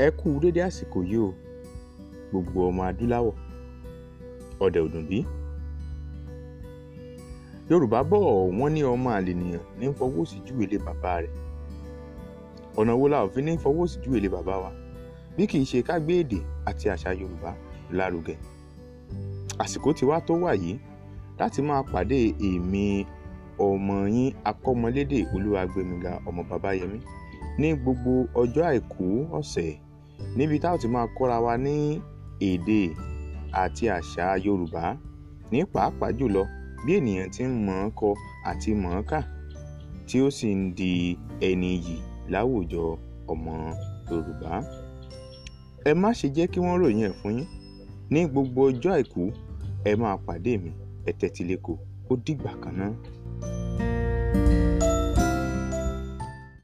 ẹ kú dédé àsìkò yìí o gbogbo ọmọ adúláwọ̀ ọ̀dẹ̀ òdùnbí yorùbá bọ̀ wọ́n ní ọmọ àlènìyàn ní fọwọ́ sí júwe lé bàbá rẹ̀ ọ̀nà wo la ò fi ní fọwọ́ sí júwe lé bàbá wa bí kì í ṣe ká gbé èdè àti àṣà yorùbá lárugẹ àsìkò tí wá tó wà yìí láti máa pàdé èmi ọmọ yín akọ́mọlédè olúwagbèmíga ọmọ bàbá yẹmí ní gbogbo ọjọ́ àìkú ọ̀sẹ̀ níbi tá ò ti máa kọ́ra wa ní èdè àti àṣà Yorùbá ní pàápàá jùlọ bí ènìyàn ti ń mọ̀ ọ́n kọ àti mọ̀ ọ́n kà tí ó sì ń di ẹni iyì láwùjọ ọmọ Yorùbá. ẹ má ṣe jẹ́ kí wọ́n ròyìn ẹ̀ fún yín ní gbogbo ọjọ́ àìkú ẹ máa pàdé mi ẹ ó dìgbà kan náà.